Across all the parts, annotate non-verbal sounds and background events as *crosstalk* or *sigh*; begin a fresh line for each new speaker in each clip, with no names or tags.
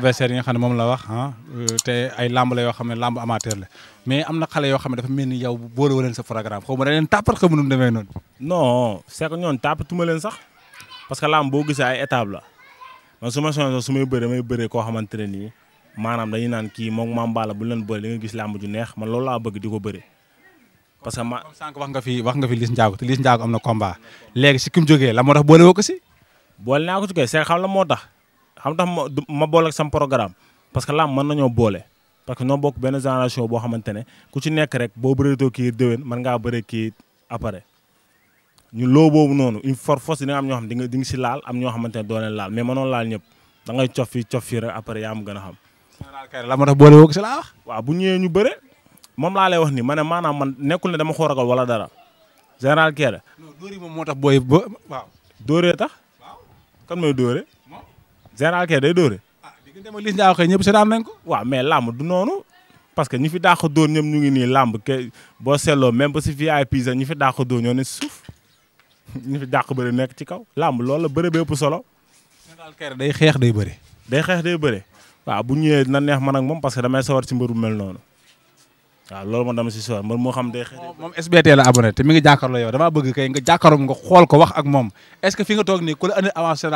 adversaire yi nga xam ne moom la wax ah euh, te ay lamb la yoo xam ne lamb amateur la mais am na xale yoo xam ne dafa mel ni yow boole wu leen sa programme xaw ma da leen tàppat xaw ma nu demee noonu. non c'est que ñoon tàppatuma leen sax parce que lamb boo gisee ay étape la man su ma soxla su may bëree may bëree koo xamante ne nii maanaam dañuy naan kii moom maam Balla bu leen bëri li nga gis lamb ju neex man loolu laa bëgg di ko bëri. parce que ma sànq wax nga fi wax nga fi Liss Ndiago te Liss Ndiago am na combat léegi si ki mu jógee la moo tax boole woo ko si. boole naa ko si kay c'est xam la moo tax xam tax ma ma boole ak sam programme parce que làmb mën nañoo boole parce que noo bokk benn génération boo xamante ne ku ci nekk rek boo bëreetoo kii déwén mën ngaa bëree kii après ñu loo boobu noonu une for force dina am ñoo xam di nga di nga si laal am ñoo xamante ne doo leen laal mais mënoon laal ñëpp da ngay cof fii cof fii rek après yaa am gën a xam. la ma tax boole woo si laa waaw bu ñëwee ñu bëre moom laa lay wax ni ma ne maanaam man nekkul ne dama wala dara général Kéré. ba waaw. tax. waaw kan général kay day dóore. ah diggante ma Liss Ndiago kay ñëpp seetaan nañ ko. waaw mais làmb du noonu parce que ñi fi dàq dóor ñoom ñu ngi nii lamb ke boo seetloo même ba si VIP sax ñi fi dàq dóor ñoo suuf ñi fi dàq bëri nekk ci kaw làmb lool la bëri bépp solo. général kay day xeex day bëri. day xeex day bëri waaw bu ñëwee dina neex man ak moom parce que damay sawar ci mbër mel noonu. waaw loolu moom dama si soor man moo xam day xëy moom SBT bëgg kay nga jàkkaarloo nga xool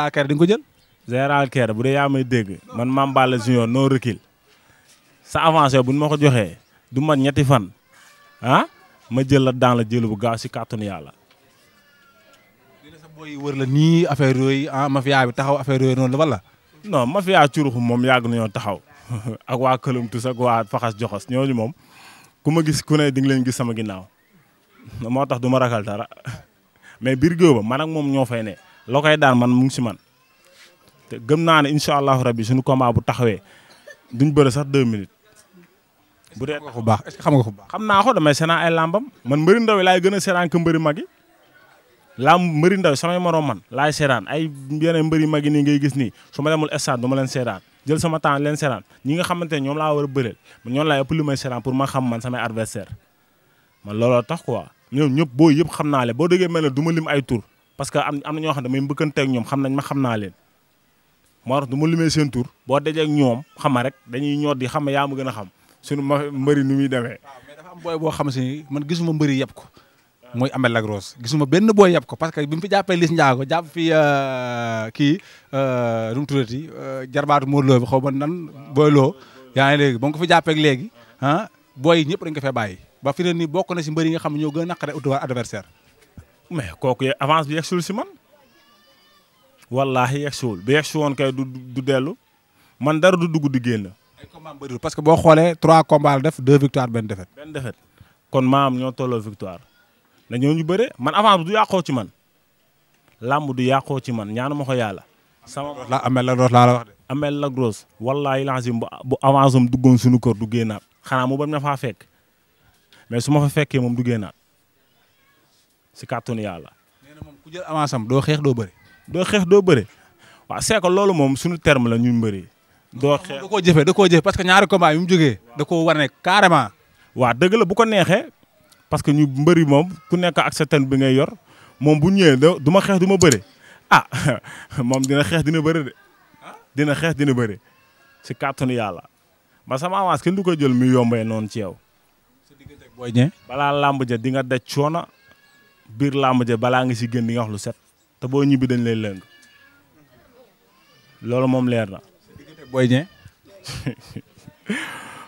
général Kéré bu dee yaa may dégg man Mame la Junior no recul sa avancé bu ñu ma ko joxee du mat ñetti fan ah ma jël la daan la jël bu gaaw si kàttanu yàlla. dina sa boy wër la nii affaire yooyu ah mafia bi affaire yooyu noonu la wala. moom yàgg nañoo taxaw *laughs* ak waa Këlum Tus ak waa Faxas Joxas ñooñu moom ku ma gis ku ne di nga leen gis sama ginnaaw *laughs* moo tax du ma ragal *laughs* mais biir géew ba man moom ñoo fay ne loo daan man mu si man. te gëm naa ne incha allahu rabi suñu combat bu taxawee duñ bëre sax deux minutes. bu dee xam nga xam nga ko baax. xam naa ko damay sénaa ay làmbam man mbëri ndaw yi laay gën a sénaan que mbëri mag yi làmb mbëri ndaw samay morom man laay sénaan ay yeneen mbëri mag nii ngay gis nii su ma demul stade du ma leen sénaan jël sama temps leen sénaan ñi nga xamante ne ñoom laa war a bëreel man ñoom laay ëpp li may pour ma xam man samay adversaire man looloo tax quoi ñoom ñëpp boo yëpp xam naa leen boo déggee mel ne du lim ay tur parce que am ñoo xam ne damay ñoom xam nañ ma xam naa leen moo tax du ma limee seen tur boo dajeeg ñoom xama rek dañuy ñoot di xam yaa ma gën a xam sunu ma mbëri nu muy demee. mais dafa booy boo xam si man gisuma mbëri yëpp ko. mooy Amel Lac gisuma benn booy yëpp ko parce que bi mu fi jàppee Liss Ndiago jàpp fi euh, kii euh, nu mu tuddati euh, jarbaatu Modou bi xaw ma nan booy yaa ngi léegi ba ko fi jàppeeg léegi ah booy ñëpp dañ ko bàyyi ba fi ne nii bokk na si mbëri yi nga xam ñoo gën a naqare adversaire mais kooku avance bi yegsul si man wallaahi yegsiwul bi yegsi woon kay du du dellu man dara du dugg di génn. ay combat bëriwul parce que boo xoolee trois combats def deux victoires benn défaite. benn défaite kon maam ñoo tolloo victoire dañoo ñu bëre man avance du yàqoo ci man làmb du yàqoo ci man ñaanu ma ko yàlla. sama la amel la gros laa la wax de. amel la gros wallaahi laazim bu bu avance am duggoon suñu kër du génnaat xanaa mu ba na faa fekk mais su ma fa fekkee moom du génnaat si kàttanu yàlla. nee na moom ku jël avance am doo xeex doo bëri. doo xeex doo bëre waa c'est loolu moom suñu terme la ñu mbëri doo xeex da koo jëfee da koo jëfee parce que ñaari combat yu mu jógee da koo war ne waa waaw dëgg la bu ko neexee parce que ñu mbëri moom ku nekk ak sa ten bi ngay yor moom bu ñëwee du ma xeex du ma ah *laughs* moom dina xeex dina bëre de dina xeex dina bëre si kàttanu yàlla ma sama avance kenn du ko jël mu yombee noonu ci yow. balaa làmb ja di nga daj coono biir làmb ja balaa nga si gën di nga wax lu set. te boo ñibbi dañ lay lëng loolu moom leer na. Boy Dieng.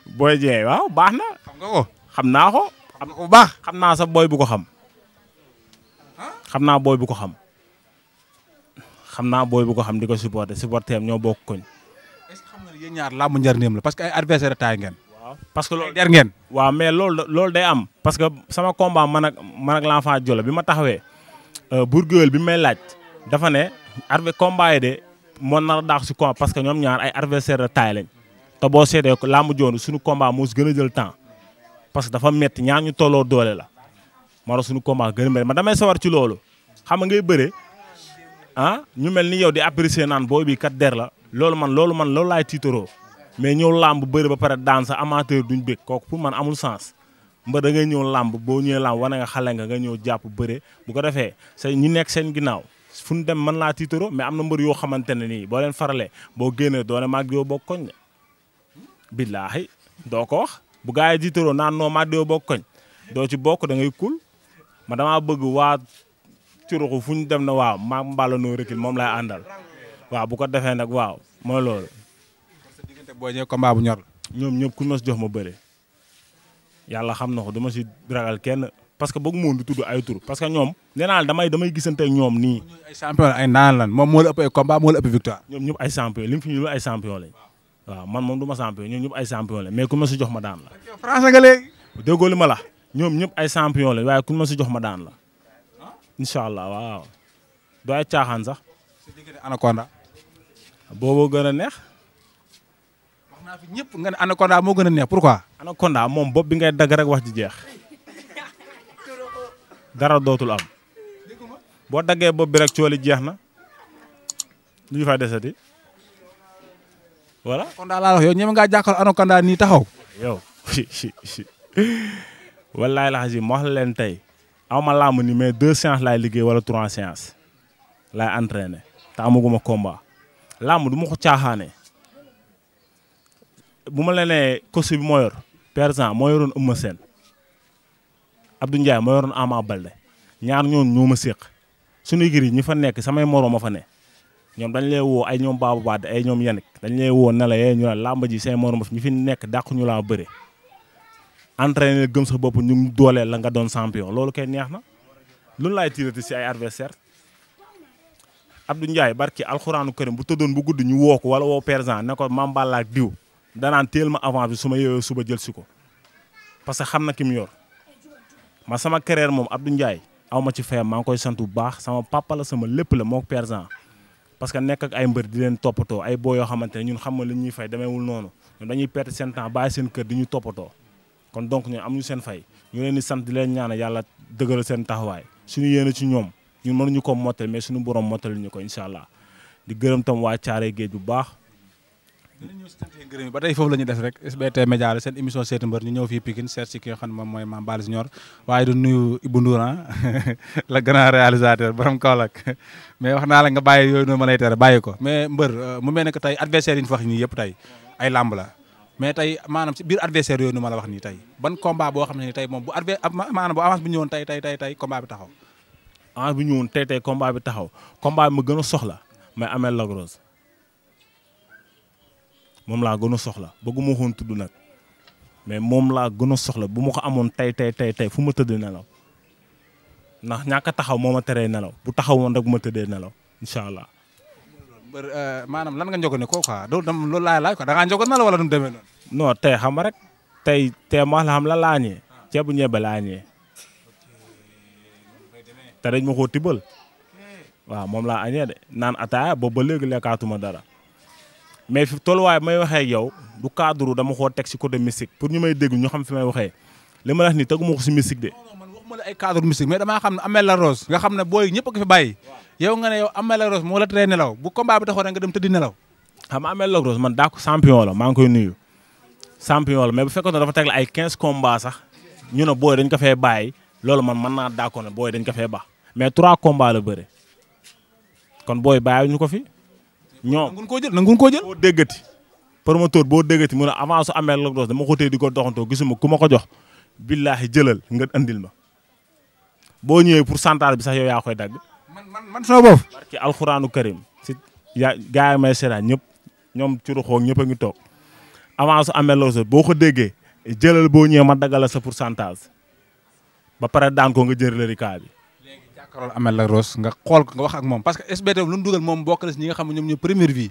*laughs* Boy Dieng waaw baax na. xam nga ko xam naa ko. xam bu baax xam naa sax booy bu ko xam. xam naa booy bu ko xam. xam naa booy bu ko xam di ko supporté supporté am ñoo bokk koñ. est-ce que ñaar làmb njëriñam la parce que ay adversaire taay ngeen. parce que loolu der am. parce que sama combat man l'enfant Joola bi ma taxawee. Euh, Bourguel bi may laaj dafa ne arve combat yi de moo daax si combat parce que ñoom ñaar ay adversaire de taille te boo seetee làmb joonu suñu combat moo si gën a jël temps parce que dafa metti ñaar ñu tolloo doole la maro suñu combat gën a metti ma damay sawar ci loolu xam nga ngay bëre ah ñu mel ni yow di apprécier naan boo bi kat der la loolu man loolu man loolu laay tiitaroo mais ñëw làmb bëre ba pare daan sa amateur duñ bég kooku pour man amul sens mbër da ngay ñëw làmb boo ñëwee làmb wane nga xale nga nga ñëw jàpp bëre bu ko defee sa ñi nekk seen ginnaaw fu ñu dem mën laa tiitaroo mais am na mbër yoo xamante ne nii boo leen faralee boo génnee doone maag yow bokk koñ doo ko wax bu gaa yi tiitoro naan noo maag bokk koñ doo ci bokk da ngay kul ma damaa bëgg waa curuxu fu ñu dem na waaw maag mbala noo rekil moom lay àndal waaw bu ko defee nag waaw mooy loolu. parce que diggante boo ñëwee combat bu ñor ñoom ñëpp ku ñu mës jox ma bëre. yàlla xam na ko dama si ragal kenn parce que bëggu moon di tudd ay tur parce que ñoom nee naa damay damay gisante ak ñoom nii. ay champion ay naan lan moom moo la ay combat moo la ëpp victoire. ñoom ñëpp ay champion li mu fi ñu ay champion lañ waaw man moom du ma champion ñoom ñëpp ay champion lañ mais ku ma si jox ma daan la. français ma la ñoom ñëpp ay champion lañ waaye ku ma si jox ma daan la ah? incha allah waaw. du ay caaxaan sax. su diggante booboo gën a neex. naa ñëpp nga ne Anaconda moo gën a neex pourquoi. Anaconda moom bopp bi ngay dagg rek wax ji jeex dara dootul am boo daggee bopp bi rek cooli jeex na lu fa fay desati voilà. Anaconda laa wax yow ñeme ngaa jàkkaarloo Anaconda nii taxaw. yow walaay la xasi ma wax la leen tey aw ma làmb ni mais deux séances laay liggéey wala trois séances laay entraîné te amaguma combat làmb du ma ko caaxaanee. bu ma la nee coach bi moo yor par exemple moo yoroon Eumeu Sène Abdou Ndiaye moo ñaar ñoon ñoo ma séq suñu giri ñi fa nekk samay moroom a fa ne ñoom dañ lay woo ay ñoom Babou ñoom Yannick dañ lay woo ne la yee eh, ñu ne làmb ji say moroom fi ñu fi nekk dàqu ñu laa bëre entraîné gëm sa bopp ñu ngi dooleel la nga doon champion loolu kay neex na loolu laay tiirati si ay adversaire Abdou Ndiaye barki alxuraanu karim bu tëddoon bu gudd ñu woo ko wala woo président danaan teel ma avant bi su ma yeewoo suba jël si ko parce que xam na ki mu yor ma sama kereer moom Abdou Ndiaye aw ma ci fayam maa ngi koy sant bu baax sama papa sama lépp la moo persan parce que nekk ak ay mbër di leen toppatoo ay boo yoo xamante ne ñun xam ma li ñuy fay demeewul noonu ñun dañuy perte seen temps bàyyi seen kër di ñu toppatoo kon donc ñun amuñu seen fay ñu leen di sant di leen ñaanal yàlla dëgëral seen taxawaay suñu yéene ci ñoom ñun mënuñu ko mottali mais suñu borom mottali ñu ko incha allah di gërëm tam waa Caare Géej bu baax. dinañ ñëw si cant yi gërëm ba tey foofu la ñu def rek SBT Média la seen émission seeti mbër ñu ñëw fii Pikine seet si ki nga xam ne moom mooy waaye du nuyu Ibou ah. *laughs* la grand réalisateur borom Kaolack mais wax naa la nga bàyyi yooyu noonu ma lay tere bàyyi ko mais mbër euh, mu mel ne que tey adversaire yi ñu fa wax nii yëpp tey ay làmb la mais tey maanaam si biir adversaire yooyu nu ma la wax nii tey ban combat boo xam ne ni tey moom bu adver maanaam bu avance bu ñëwoon tey tey tey tey combat bi taxaw avance bi taxaw combat ma gën a soxla may amee Lac Rose moom laa gën a soxla bëgguma xoon tudd nag mais moom laa gën a soxla bu ma ko amoon tey tey tey tey fu ma tëddee nelaw ndax ñàkk taxaw moo ma teree nelaw bu taxaw woon rek bu ma tëddee nelaw incha allah. Euh, maanaam lan nga njëkkoon ko quoi loolu laay laaj quoi da ngaa njëkkoon nelaw wala nu demee noonu. non tey xam nga rek tey tey ma la xam la laañee. ceebu ñebe laañee. te dañ ma koo tibal waaw moom laa añee de naan ataaya boobu ba léegi lekkaatuma dara. mais fi tolluwaay may waxee ak yow du cadre dama koo teg si côté mystique pour ñu may dégg ñu xam fi may waxee li ma la wax nii teguma ko si mystique de. mais damaa xam ne Amel la Rose nga xam ne booy ñëpp ko fi bàyyi yow nga ne yow Amel la Rose moo la teree nelaw bu combat bi taxaw rek nga dem tëddi nelaw xam nga la Rose man daa ko champion la maa ngi koy nuyu champion la mais bu fekkoon ne dafa teg la ay 15 sax ñu ne booy dañ ko fee bàyyi loolu man mën naa daa ko ne dañ ko fee baax mais 3 combats la kon booy bàyyi ñu ko fi ñoom nanguñ koo jël nanguñ koo jël. boo déggati promoteur boo déggati mun ne avance su amee dama ko téye di ko doxantoo gisuma ku ma ko jox billaahi jëlal nga andil ma boo ñëwee pourcentage bi sax yow yaa koy dagg. man man man sama bopp. parce que alxuraanu karim si yaa gars yi ñëpp ñoom ci ruxoo ñëpp a ngi toog avance su amee Lac boo ko déggee jëlal boo ñëwee ma daggal sa pourcentage ba pare daan ko nga jël reliquat bi. jàkkaarloo Ameth Lac Rose nga xool ko nga wax moom parce que SBT lu dugal moom bokk si ñi nga xam ne ñoom ñu vie.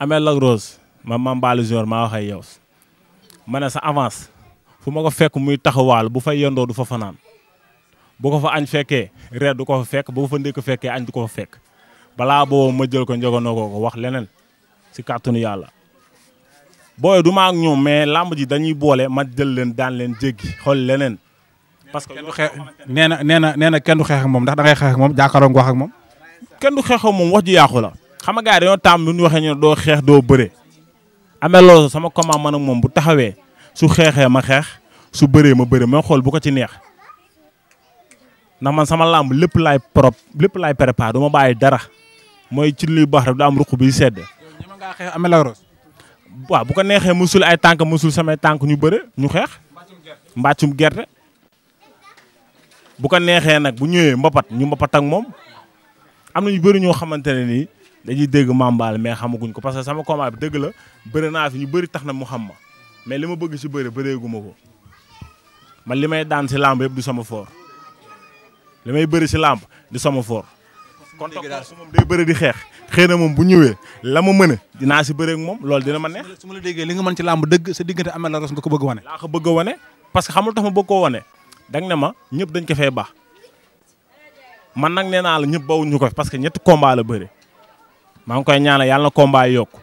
Ameth Lac Rose ma ma Mbalu Junior maa yow ma ne sa avance fu ma ko fekk muy taxawaal bu fa yëndoo du fa fanaan bu ko fa añ fekkee reer ko fa fekk bu ko fa ndékk fekkee añ du ko fa fekk balaa boo ma jël ko njëgandoo ko ko wax leneen si kàttanu yàlla. booy du ma ñoom mais làmb ji dañuy boole ma jël leen daan leen jéggi xool leneen. parce que nee na nee na nee na kenn du xeex ak moom ndax da ngay xeex ak moom jàkkaaroo nga wax moom. kenn du xeex ak moom wax ju yàqu la. xam nga gars yi dañoo taam lu ñu waxee doo xeex doo bëre. amee loolu sama combat man moom bu taxawee su xeexee ma xeex su bëree ma bëre ma xool bu ko ci neex ndax man sama làmb lépp laay prop lépp laay préparé du ma bàyyi dara mooy ci luy baax rek du am ruq biy sedd. ñu mën ngaa xeex amee la ros. waaw bu ko neexee musul ay tànk musul samay tànk ñu bëre ñu xeex. mbàccum gerte bu ko neexee nag bu ñëwee mbapat ñu mbapat ak moom am na ñu bëri ñoo xamante ne nii dañuy dégg mambaal mais xamaguñ ko parce que sama combat bi dëgg la bëri naa fi ñu bëri tax na mu xam ma mais li ma bëgg si bëri bëreeguma ko man li may daan si làmb yëpp sama foor li may bëri si làmb di sama fort. kon toog moom day bëri di xeex xëy na moom bu ñëwee la ma mën a dinaa si bëreeg moom loolu dina ma neex. su la déggee li nga mën ci làmb dëgg sa diggante Ameth la Ross nga ko bëgg a wane. laa ko bëgg a wane parce que xamul tax ma bëgg koo wane danga ne ma ñëpp dañ ko fee baax man nag nee naa la ñëpp bawuñu ko parce que ñetti combat la bëre maa ngi koy ñaanal yàlla na combat yi yokku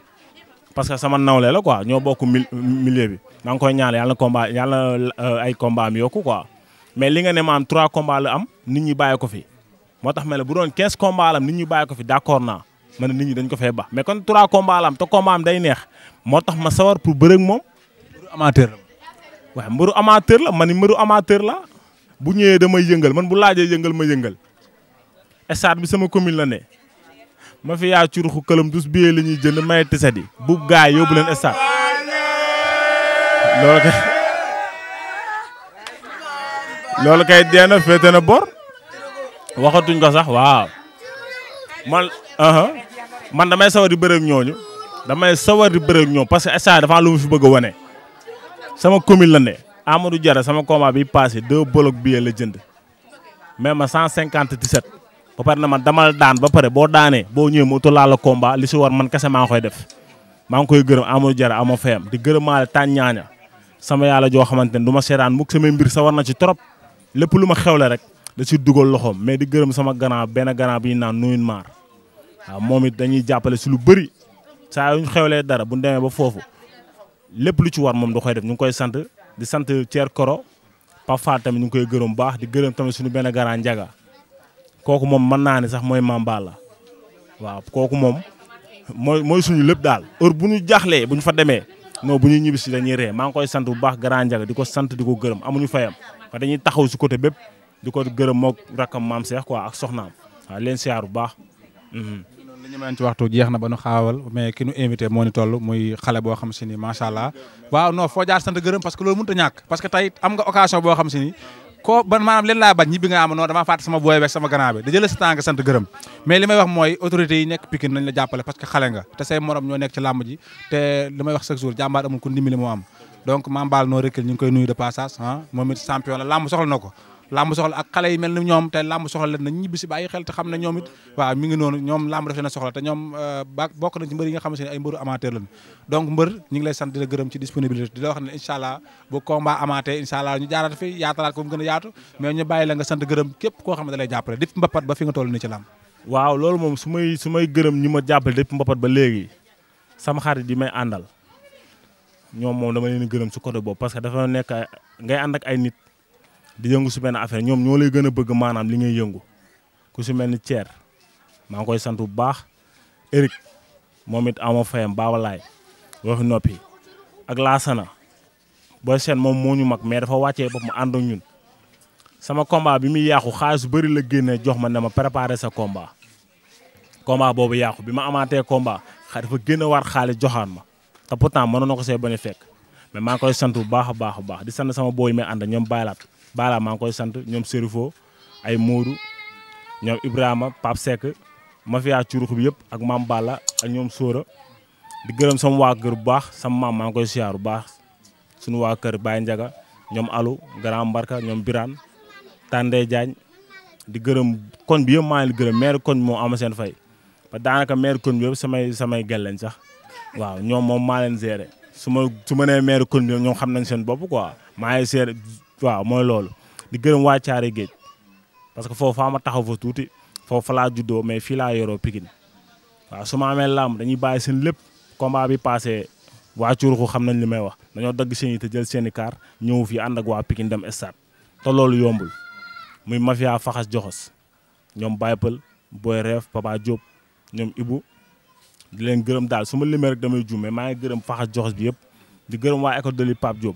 parce que sama nawle la quoi ñoo bokk milieu bi maa ngi koy ñaanal yàlla na combat yàlla euh, ay combat mi yokku quoi mais li nga ne maam trois combat am nit ñi bàyyi ko fi moo tax ma ne bu doon quinze combat nit ñi bàyyi ko fi d'accord naa ma ne nit ñi dañ ko fee baax mais kon trois combat la am te combat am day neex moo tax ma sawar pour bëre ak moom. mbëru amateur la waaw mbëru amateur la ma ni mbëru amateur la bu ñëwee damay yëngal man bu laajee yëngal ma yëngal stade bi sama commune la ne ma fi yaa curuxu këlam dus biyee la ñuy jënd may tiset yi bu gaay yóbbu leen stade loolu kay loolu kay dee na féete na bor waxatuñ ko sax waaw man uh-huh. man damay sawar di bëreeg ñooñu damay sawar di bëreeg ñoom parce que stade dafa lu fi bëgg a wane sama commune la ne Amadou Diarra sama combat bi passé deux blocs billets la jënd mais ma di 157 ba pare na ma damal daan ba pare boo daanee boo ñëwee moo utalaal la combat li si war man kese maa ngi koy def maa ngi koy gërëm Amadou Diarra ama fayam di gërëmaale tàññaaña sama yàlla joo xamante ni duma ma seetaan mukk samay mbir sa war na ci trop lépp lu ma xewle rek da si dugal loxoom mais di gërëm sama grand benn grand bi ñu naan nuyun maar waaw moom it dañuy jàppale si lu bëri saa yu ñu xewlee dara bu demee ba foofu lépp lu ci war moom da koy def ñu ngi koy sant di sant Thier Koro Pafa tamit ñu ngi koy gërëm baax di gërëm tamit suñu benn garaan njaga kooku moom mën naa ne sax mooy mamba la waaw kooku moom mooy mooy suñu lépp daal heure bu ñu jaaxlee bu ñu fa demee non bu ñuy ñibbi si dañuy ree maa ngi koy sant bu baax garaan njaga di ko sant di ko gërëm amuñu fayam fa dañuy taxaw si côté bépp di ko gërëm mook rakkam maam Seex ko ak soxnaam waaw leen siyaar bu baax mhm. li ñu mën waxtu jeex ba nu xaawal mais ki nu invité moo ni xale boo xam si ni allah waaw non foo jaar sant gërëm parce que loolu mënut a ñàkk parce que tey am nga occasion boo xam si ko ban leen laa bañ ñibbi nga am non damaa fàtte sama booy beeg sama grand da jëlee sa tànk mais li wax mooy autorités yi nekk Pikine nañ la jàppale parce que xale nga te say morom ñoo nekk ci làmb ji te li wax chaque jour jàmbaar amul ku ndimbali ah. ko làmb soxla ak xale yi mel ni ñoom te làmb soxla leen nañ ñibbi si bàyyi xel te xam ne ñoom it waaw mi ngi noonu ñoom làmb def soxla te ñoom euh, ba bokk nañ ci mbër yi nga xam ne ngi lay sant di la gërëm ci disponibilité di la wax ne incha allah bu combat amaatee incha allah ñu jaaraat ko mu a yaatu mais ñu bàyyi la nga sant waaw loolu moom su may may gërëm ñi ma jàppale depuis mbapat ba léegi sama xarit yi may àndal ñoom moom dama leen gërëm su côté boobu parce que dafa nekk ngay ànd ak ay nit di yëngu su benn affaire ñoom ñoo lay gën a bëgg maanaam li ngay yëngu ku si mel ni Thier maa ngi koy sant bu baax Eric moom it ama fayam baabalaay waxi noppi ak laa sana booy seen moom moo ñu mag mais dafa wàccee bopp mu ànd ak ñun sama combat bi muy yàqu xaalis bari la génne jox ma ne ma préparer sa combat combat boobu yàqu bi ma amaatee combat dafa génn war xaalis joxaan ma te pourtant mënoon na ko see bañ a fekk mais maa koy sant bu baax a baax a baax di sant sama booy mi ànd ñoom baylaat Balla maa ngi koy sant ñoom Serifo ay Modou ñoom Ibrahima Pape Seck mafia curux bi yëpp ak maam Balla ak ñoom Sora di gërëm sama waa kër bu baax sama maa ngi koy siyaar bu baax suñu waa kër Baye Ndiaga ñoom Alou Grand Mbarka ñoom Birane Tande Diagne di gërëm koñ bi yëpp maa ngi gërëm maire koñ moo am seen fay ba daanaka maire koñ bi yëpp samay samay gel lañ sax waaw ñoom moom maa leen gérer su ma su ma nee maire koñ bi ñoom xam nañ seen bopp quoi maa ngi waaw mooy loolu di gërëm waa Caare Géej parce que foofu ma taxaw fa tuuti foofa laa juddoo mais fii laa yoroo Pikine waaw su ma amee làmb dañuy bàyyi seen lépp combat bi passé waa Curuxu xam nañ li may wax dañoo dagg seen yi te jël seeni i kaar ñëw fii ànd ak waa Pikine dem stade te loolu yombul muy mafia faxas joxos ñoom baypal Pël Boy Reef Papa Diop ñoom Ibou di leen gërëm daal su ma limee rek damay juumee maa ngi gërëm faxas joxos bi yëpp di gërëm waa école de li Pape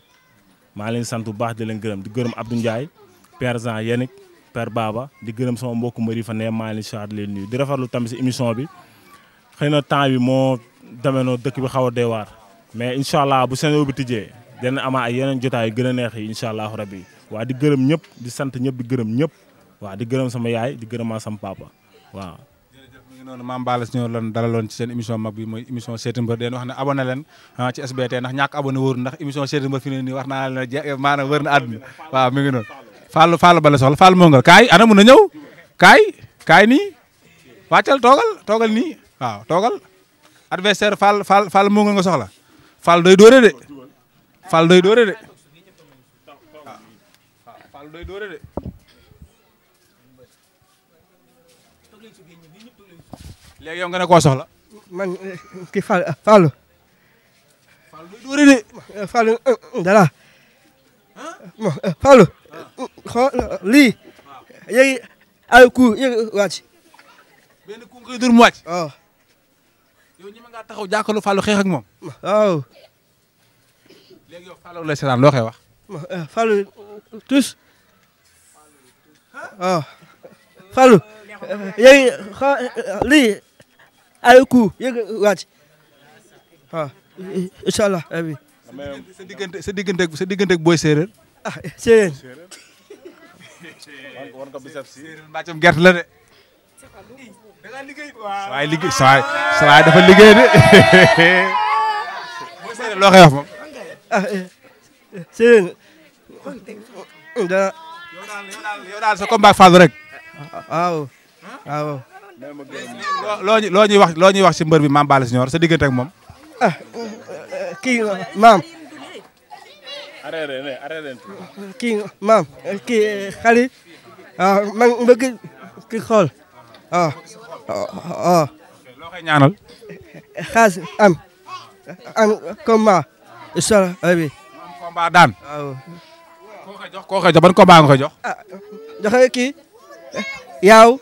maa leen sant bu baax di leen gërëm di gërëm Abdou Ndiaye père Jean Yannick père Baba di gërëm sama mbokku mbëri fa ne maa leen leen nii di rafetlu tamit si émission bi xëy na temps bi moo demee noo dëkk bi xaw a doy waar mais incha allah bu saison bi tijjee dana amaa ay yeneen jotaay yu gën a neex yi incha allahu rabbi waa di gërëm ñëpp di sant ñëpp di gërëm ñëpp waa di gërëm sama yaay di gërëmaa sama papa waaw noonu Mame Balla Junior lan dalaloon ci seen émission mag bi mooy émission seeti mbër deen wax ne leen ah, SBT ndax ñàkk abonné wóoru ndax émission seeti mbër fi ne nii wax naa leen maanaam wër na àdduna waaw mi ngi noonu Fallou Fallou Balla soxla Fallou Mongal kaay ana mun na ñëw kaay kaay nii wàccal toogal toogal nii waaw toogal adversaire Fall Fall nga soxla Fall doy dóore de Fall doy dóore de léegi yow nga ne koo man eh, ki Fall eh, Fallou. Eh, Fallou muy duuri de. Fallou dara. Ah. Fallou. xool lii. yéegi ay ku yéegi wàcc. benn ku ngay dur mu wàcc. waaw. Oh. yow ñi ma ngaa taxaw jàkkaarloo Fallou xeex ak moom. waaw. Oh. léegi loo koy wax. yéen lii ay coup yéeg wàcc waaw incha allah. sa diggante sa diggante sa diggante ak booy séeréer. ah séeréer. war nga bisab séeréer mbàccam gerte la de. waaye liggéey saa waay dafa liggéey de. *laughs* booy séeréer loo koy wax moom. ah eh, séeréer. yow daal yow daal sa combat Fallou rek. Ah, waaw. waaw. loo ñu loo ñuy wax loo ñuy wax ci mbër bi Mame Balla Junior sa diggante moom. Eh, kii maam. kii maam kii xale ah man bëgg ah, ah, ah. loo koy ñaanal. am am combat. incha allah daan. waaw. koo koy jox koo koy jox ban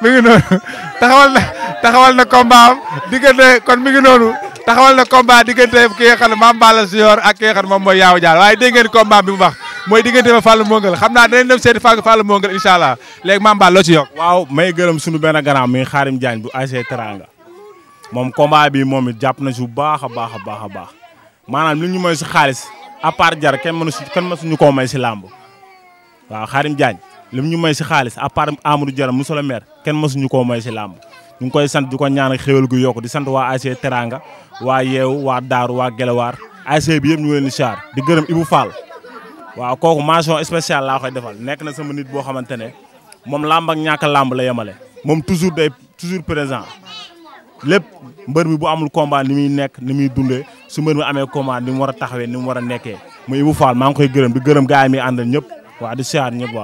mi ngi noonu taxawal na taxawal na combat am diggante kon mi ngi noonu taxawal na combat diggante ki nga xam ne Mame Balla Junior ak ki moom mooy Yawou Dial waaye dégg ngeen bi mu wax mooy diggante fa Fallou Mongal xam naa danañ dem seeti Fallou Mongal incha allah léegi Mame Balla loo ci waaw may gërëm sunu benn ganaam mi Xaarim jaañ bu AG Teranga moom combat bi moom it jàpp na si bu baax a baax a baax a baax maanaam li ñu mooy si xaalis à part jar kenn mënu si kenn mësuñu koo may si làmb waaw Xaarim Diagne. lim ñu may si xaalis à part Amadou Diarra monsieur le maire kenn mësuñu koo may si làmb ñu ngi koy sant di ko ñaan xéwal gu yokk di sant waa ASC Teranga waa Yeew waa Daaru waa Gelewaar ASC bi yëpp ñu ngi leen di di gërëm Ibou Fall waaw kooku mention spéciale laa koy defal nekk na sama nit boo xamante ne moom làmb ñaaka ñàkk làmb la yemale moom toujours day toujours présent lépp mbër mi bu amul combat ni muy nekk ni muy dundee su mbër mi amee combat ni mu war a taxawee ni mu war a nekkee muy Ibou Fall maa ngi koy gërëm di gërëm gars yi mi àndal ñëpp waaw di char ñëpp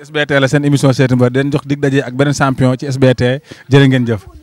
SBT la seen émission seeti mbër den jox dig daje ak beneen champion ci SBT jërë ngeen jëf